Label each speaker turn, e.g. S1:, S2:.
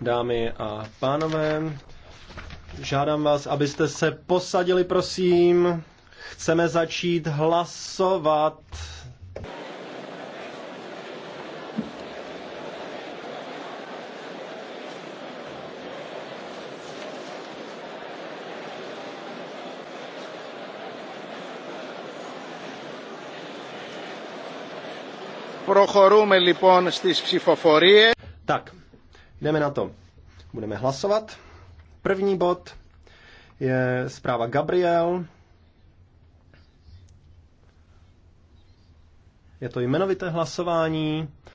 S1: Dámy a pánové, žádám vás, abyste se posadili, prosím. Chceme začít hlasovat.
S2: Prochorujeme λοιπόν στις ψηφοφορίες. Tak, jdeme na to. Budeme hlasovat. První bod je zpráva Gabriel.
S3: Je to jmenovité hlasování.